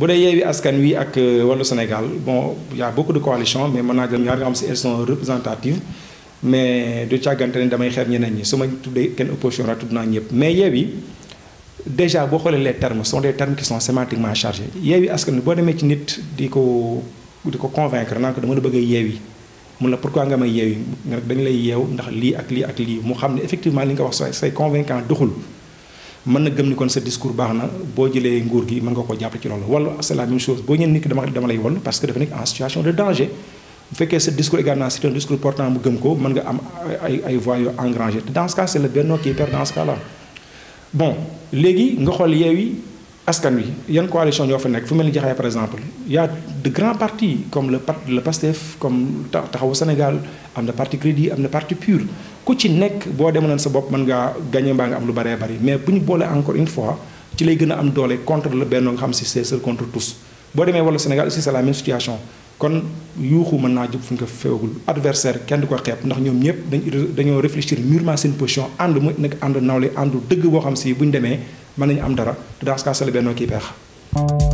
bu dee yeewi askan wi ak euh, wàllu Sénégal bon il y' a beaucoup de coalitions mais mën ñaar nga si elles sont représentatives mais de chaque ne damay xeeb ñeneen ñi su ma tuddee kenn opposition ra une naa ñëpp mais yeewi déjà beaucoup xoolee les termes sont des termes qui sont sémantiquement chargés yeewi askan wi boo demee ci nit di ko di convaincre naan ko dama la bëgg a yeewi mun pourquoi nga may yewi nga dañ lay yew ndax li ak li ak li mu xam effectivement li nga wax c'est say convaincant doxul man nga gëm ni kon sa discours baax na boo jëlee nguur gi mën nga ko jàppale ci loolu wala c'est la même chose boo ñëwee nit dama dama lay wol parce que dafa nekk en situation de danger bu fekkee sa discours également c'est un discours portant mu gëm ko mën nga am ay ay voix yu engrangé dans ce cas c'est le Benno qui perd dans ce cas là bon léegi nga xool Yewwi askan wi yan coalition ñoo fa nekk fu mel ni Jaxaay par exemple il y a de grands partis comme le le PASTEF comme taxawu Sénégal am na parti crédit am na parti pur ku ci nekk boo demoon sa bopp mën ngaa gagné mbaa nga am lu baree bari mais bu ñu boolee encore une ci lay gën a am doole contre la benn nga xam si c'est seul contre tous boo demee wala Sénégal aussi c'est la kon yuuxu mën naa jub fu ñu ko feewagul adversaire kenn du ko xeeb ndax ñoom ñëpp dañ dañoo réfléchir mûrement seen position ànd mu nag ànd nawle àndu dëgg boo xam si bu ñu demee mën nañ am dara te dans ce cas c'est